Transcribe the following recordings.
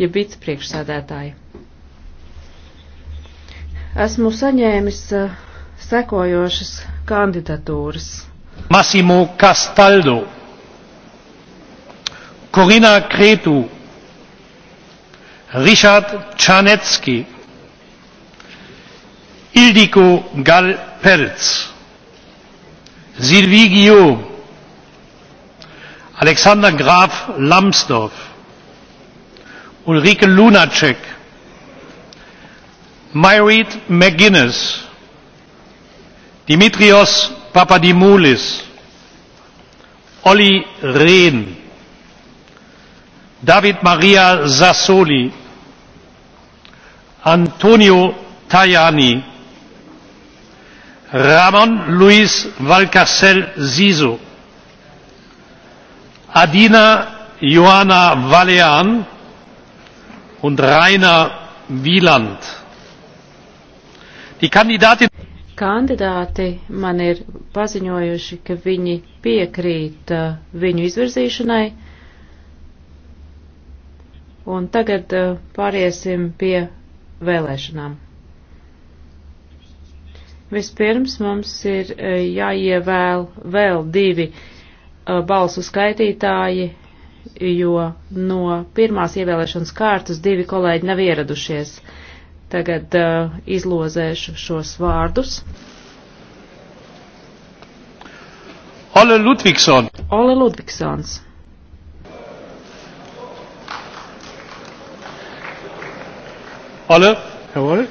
jeb vicepriekšsēdētāji. Esmu saņēmis sekojošas kandidatūras. Massimo Castaldo, Corina Kretu, Richard Czarnecki, Ildiko Gall-Pelz, Sylvie Guillaume, Alexander Graf Lambsdorff, Ulrike Lunacek, Myreed McGuinness, Dimitrios Papadimoulis, Olli Rehn, David Maria Sassoli, Antonio Tajani, Ramon Luis Valcarcel Siso, Adina Joana Valean, und Rainer Wieland. Die Kandidatin Kandidāti man ir paziņojuši, ka viņi piekrīt uh, viņu izvirzīšanai. Un tagad uh, pāriesim pie vēlēšanām. Vispirms mums ir uh, jāievēl vēl divi uh, balsu skaitītāji jo no pirmās ievēlēšanas kārtas divi kolēģi nav ieradušies. Tagad uh, izlozēšu šos vārdus. Ole Ludvigson. Ole Ludvigsons. Ole, Herr Wolle.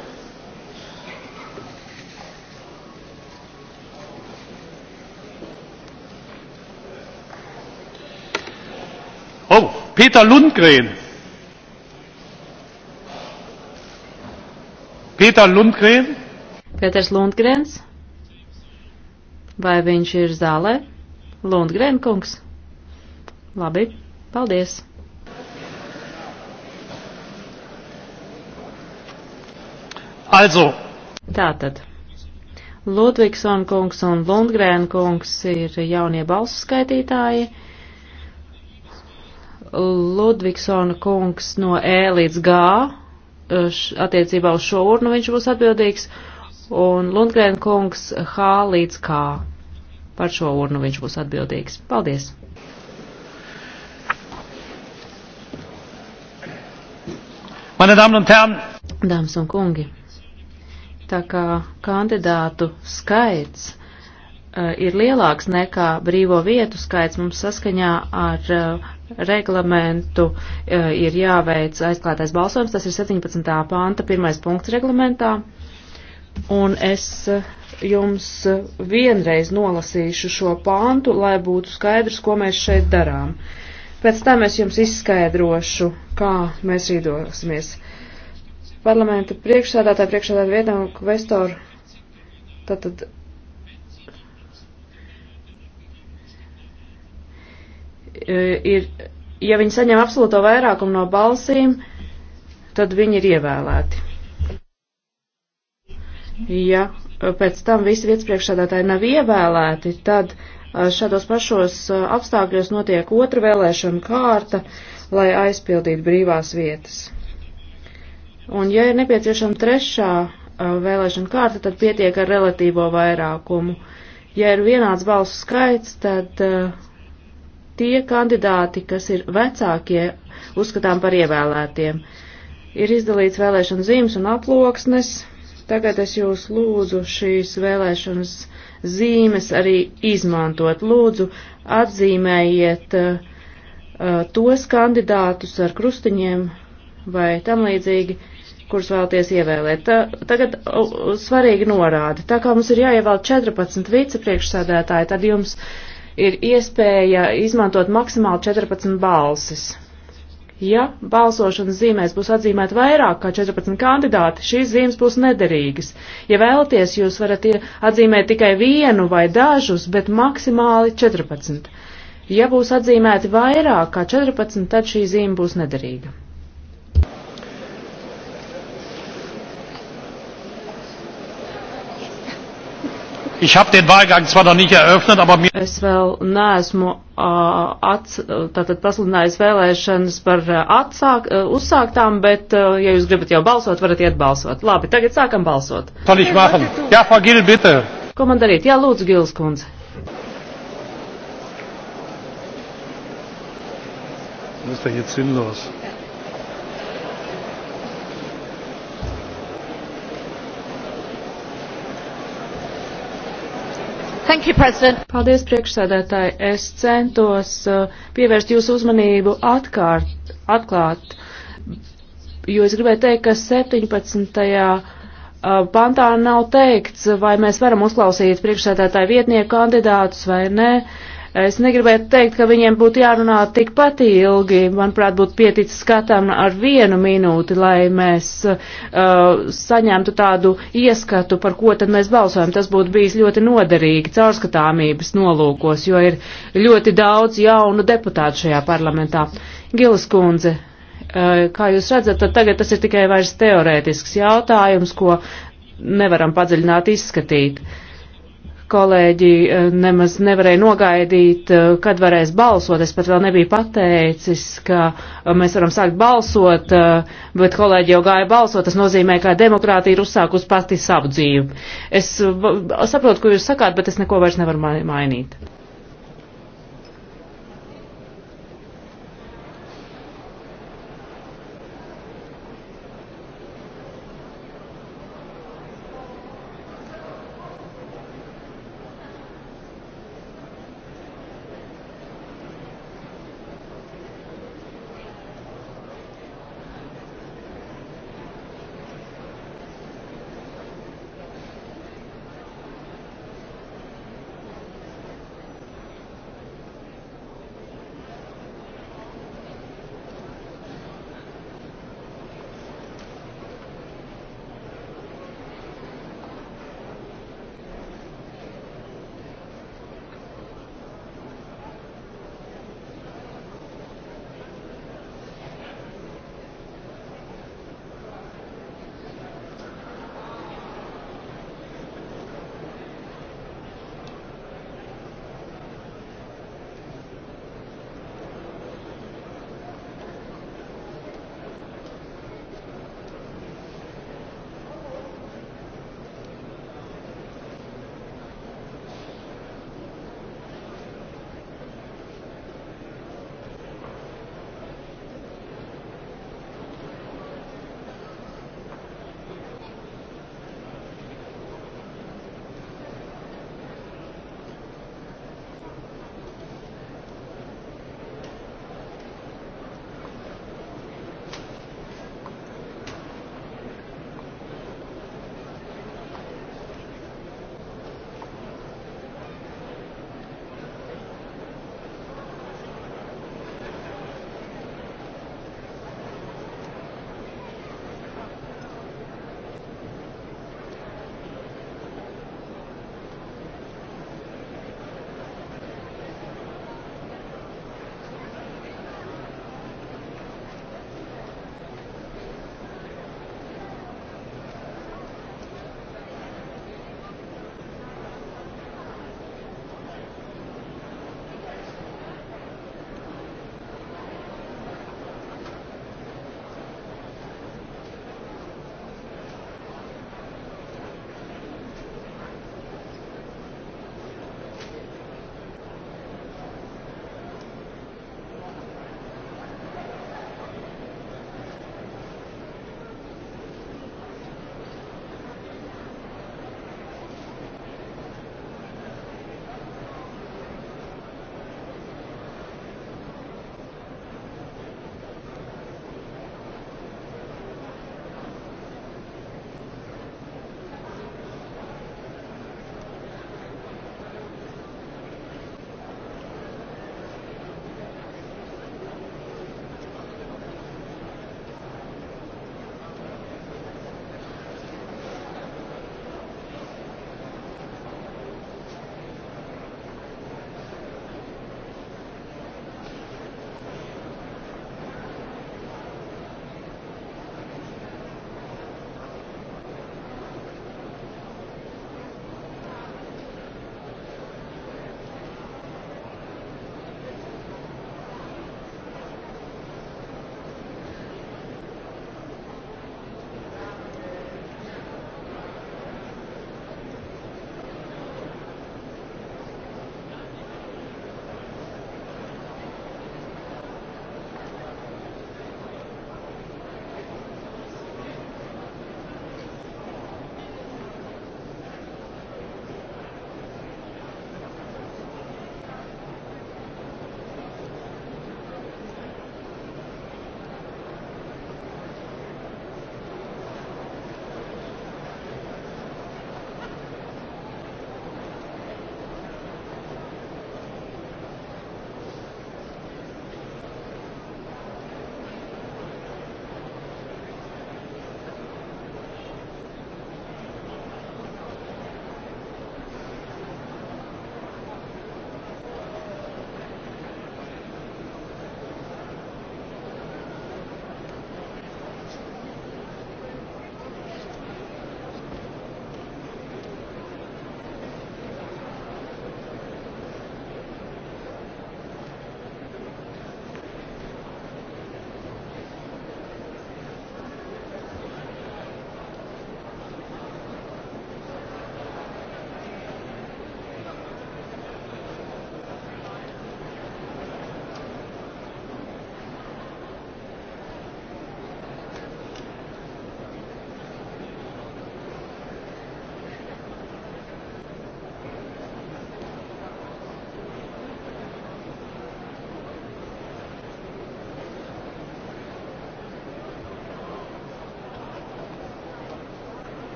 Peter Lundgren. Peter Lundgren. Pēters Lundgrens. Vai viņš ir zālē? Lundgren kungs. Labi, paldies. Also. Tātad. Ludvigsson kungs un Lundgren kungs ir jaunie balsu skaitītāji. Ludvigsona kungs no E līdz G eh, attiecībā uz šo urnu viņš būs atbildīgs, un Lundgren kungs H līdz K par šo urnu viņš būs atbildīgs. Paldies! Meine Damen und Herren! Dāmas un kungi, tā kā kandidātu skaits Eh, ir lielāks nekā brīvo vietu skaits, mums saskaņā ar eh, reglamentu eh, ir jāveic aizklātais balsojums, tas ir 17. panta pirmais punkts reglamentā, un es jums vienreiz nolasīšu šo pantu, lai būtu skaidrs, ko mēs šeit darām. Pēc tam es jums izskaidrošu, kā mēs rīdosimies. Parlamenta priekšsādātāja, priekšsādātāja vietā, kvestoru, tātad E, ir, ja viņi saņem absolūto vairākumu no balsīm, tad viņi ir ievēlēti. Ja e, pēc tam visi vietas priekšsādātāji nav ievēlēti, tad e, šādos pašos apstākļos notiek otra vēlēšana kārta, lai aizpildītu brīvās vietas. Un ja ir nepieciešama trešā vēlēšana kārta, tad pietiek ar relatīvo vairākumu. Ja ir vienāds balsu skaits, tad uh, tie kandidāti, kas ir vecākie, uzskatām par ievēlētiem. Ir izdalīts vēlēšanu zīmes un aploksnes. Tagad es jūs lūdzu šīs vēlēšanas zīmes arī izmantot. Lūdzu, atzīmējiet uh, uh tos kandidātus ar krustiņiem vai tam līdzīgi, kurus vēlaties ievēlēt. Ta, tagad uh, svarīgi norādi. Tā kā mums ir jāievēl 14 vicepriekšsādētāji, tad jums uh, ir iespēja izmantot maksimāli 14 balsis. Ja balsošanas zīmēs būs atzīmēt vairāk kā 14 kandidāti, šīs zīmes būs nederīgas. Ja vēlaties, jūs varat atzīmēt tikai vienu vai dažus, bet maksimāli 14. Ja būs atzīmēti vairāk kā 14, tad šī zīme būs nederīga. Ich habe den Wahlgang zwar noch nicht eröffnet, aber mir Es vēl neesmu uh, ats, tātad pasludinājis vēlēšanas par uh, atsāk, uh, uzsāktām, bet, uh, ja jūs gribat jau balsot, varat iet balsot. Labi, tagad sākam balsot. Soll ich machen? Ja, Frau Gil, bitte. Ko man darīt? Jā, lūdzu, Gils kundze. Das ist ja er jetzt sinnlos. You, Paldies, priekšsēdētāji. Es centos uh, pievērst jūsu uzmanību atkārt, atklāt, jo es gribēju teikt, ka 17. Uh, pantā nav teikts, vai mēs varam uzklausīt priekšsēdētāju vietnieku kandidātus vai nē. Es negribētu teikt, ka viņiem būtu jārunā tikpat ilgi. Manuprāt, būtu pieticis skatām ar vienu minūti, lai mēs uh, saņemtu tādu ieskatu, par ko tad mēs balsojam. Tas būtu bijis ļoti noderīgi caurskatāmības nolūkos, jo ir ļoti daudz jaunu deputātu šajā parlamentā. Gilas kundze, uh, kā jūs redzat, tad tagad tas ir tikai vairs teorētisks jautājums, ko nevaram padziļināt izskatīt. Uh, kolēģi eh, nemaz nevarēja nogaidīt, eh, kad varēs balsot. Es pat vēl nebiju pateicis, ka eh, mēs varam sākt balsot, bet kolēģi jau gāja balsot. Tas nozīmē, ka demokrātija ir uzsākusi pati savu dzīvi. Es saprotu, ko jūs sakāt, bet es neko vairs nevaru mainīt.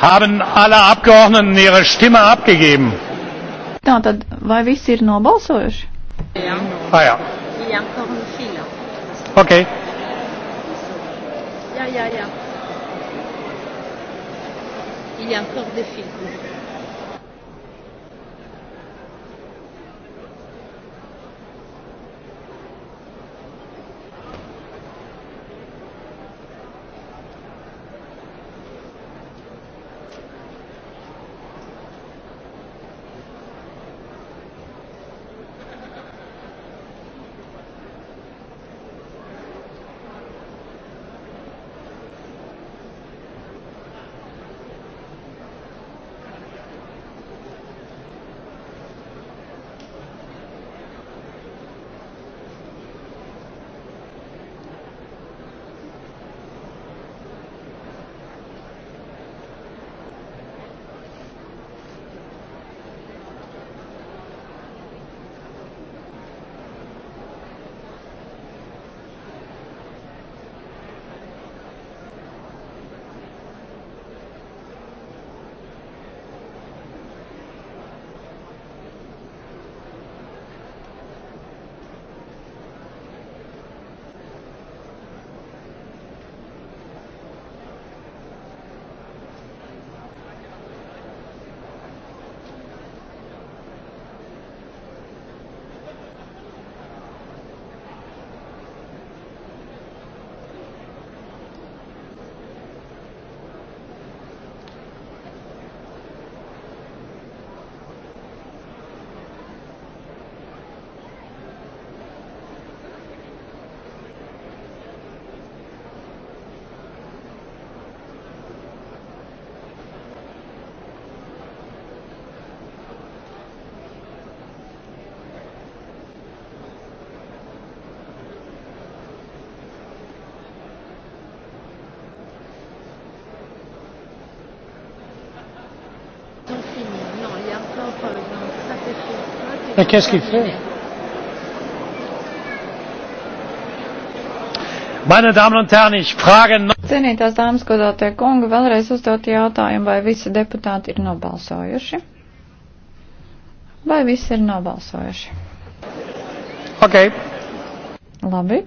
Haben alle Abgeordneten ihre Stimme abgegeben? Tātad, vai visi ir nobalsojuši? Jā. Ah, jā. Jā, ok. Jā, jā, jā. Il y a encore des films. Mais qu'est-ce qu'il fait Meine Damen und Herren, ich frage Cienītās dāmas, godātie kungi, vēlreiz uzdot jautājumu, vai visi deputāti ir nobalsojuši? Vai visi ir nobalsojuši? Ok. Labi.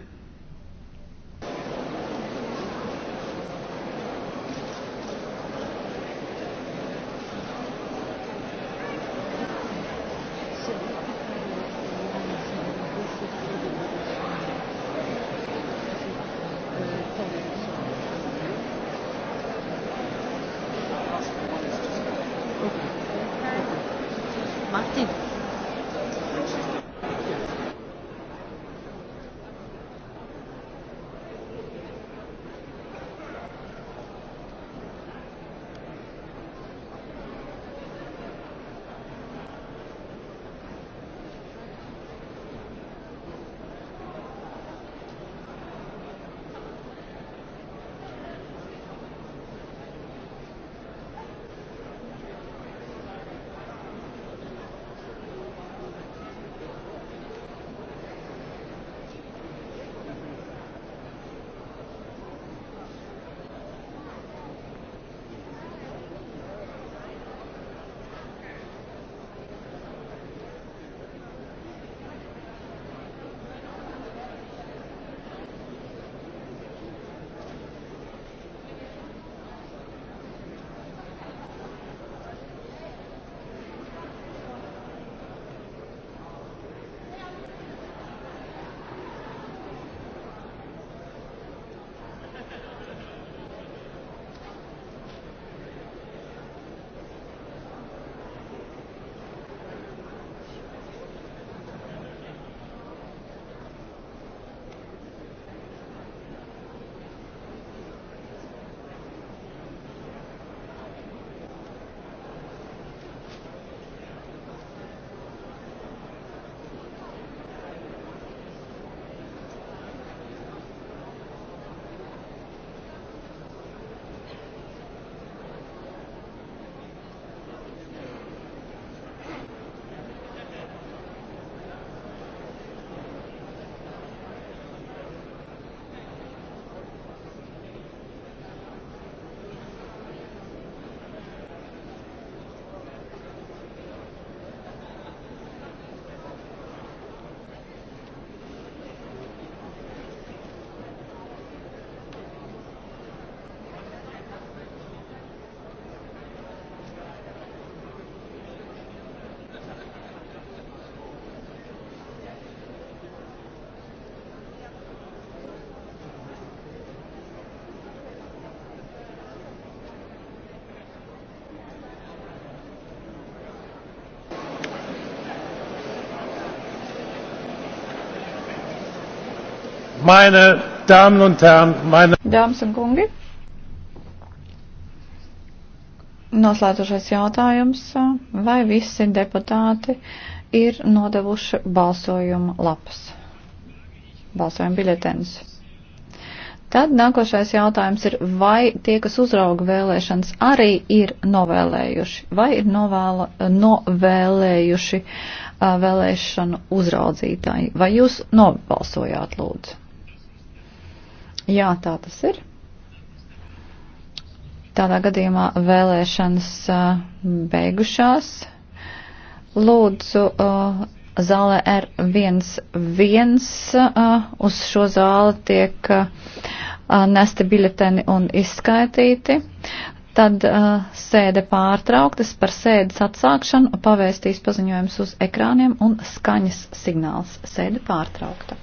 meine Damen und Herren, meine Dāmas un kungi, noslēdzošais jautājums, vai visi deputāti ir nodevuši balsojuma lapas, balsojuma biļetenus? Tad nākošais jautājums ir, vai tie, kas uzrauga vēlēšanas, arī ir novēlējuši, vai ir novēla, novēlējuši vēlēšanu uzraudzītāji, vai jūs nobalsojāt lūdzu? Jā, tā tas ir. Tādā gadījumā vēlēšanas beigušās. Lūdzu, zālē R11 uz šo zāli tiek nesti biļeteni un izskaitīti. Tad uh, sēde pārtrauktas par sēdes atsākšanu pavēstīs paziņojums uz ekrāniem un skaņas signāls. Sēde pārtraukta.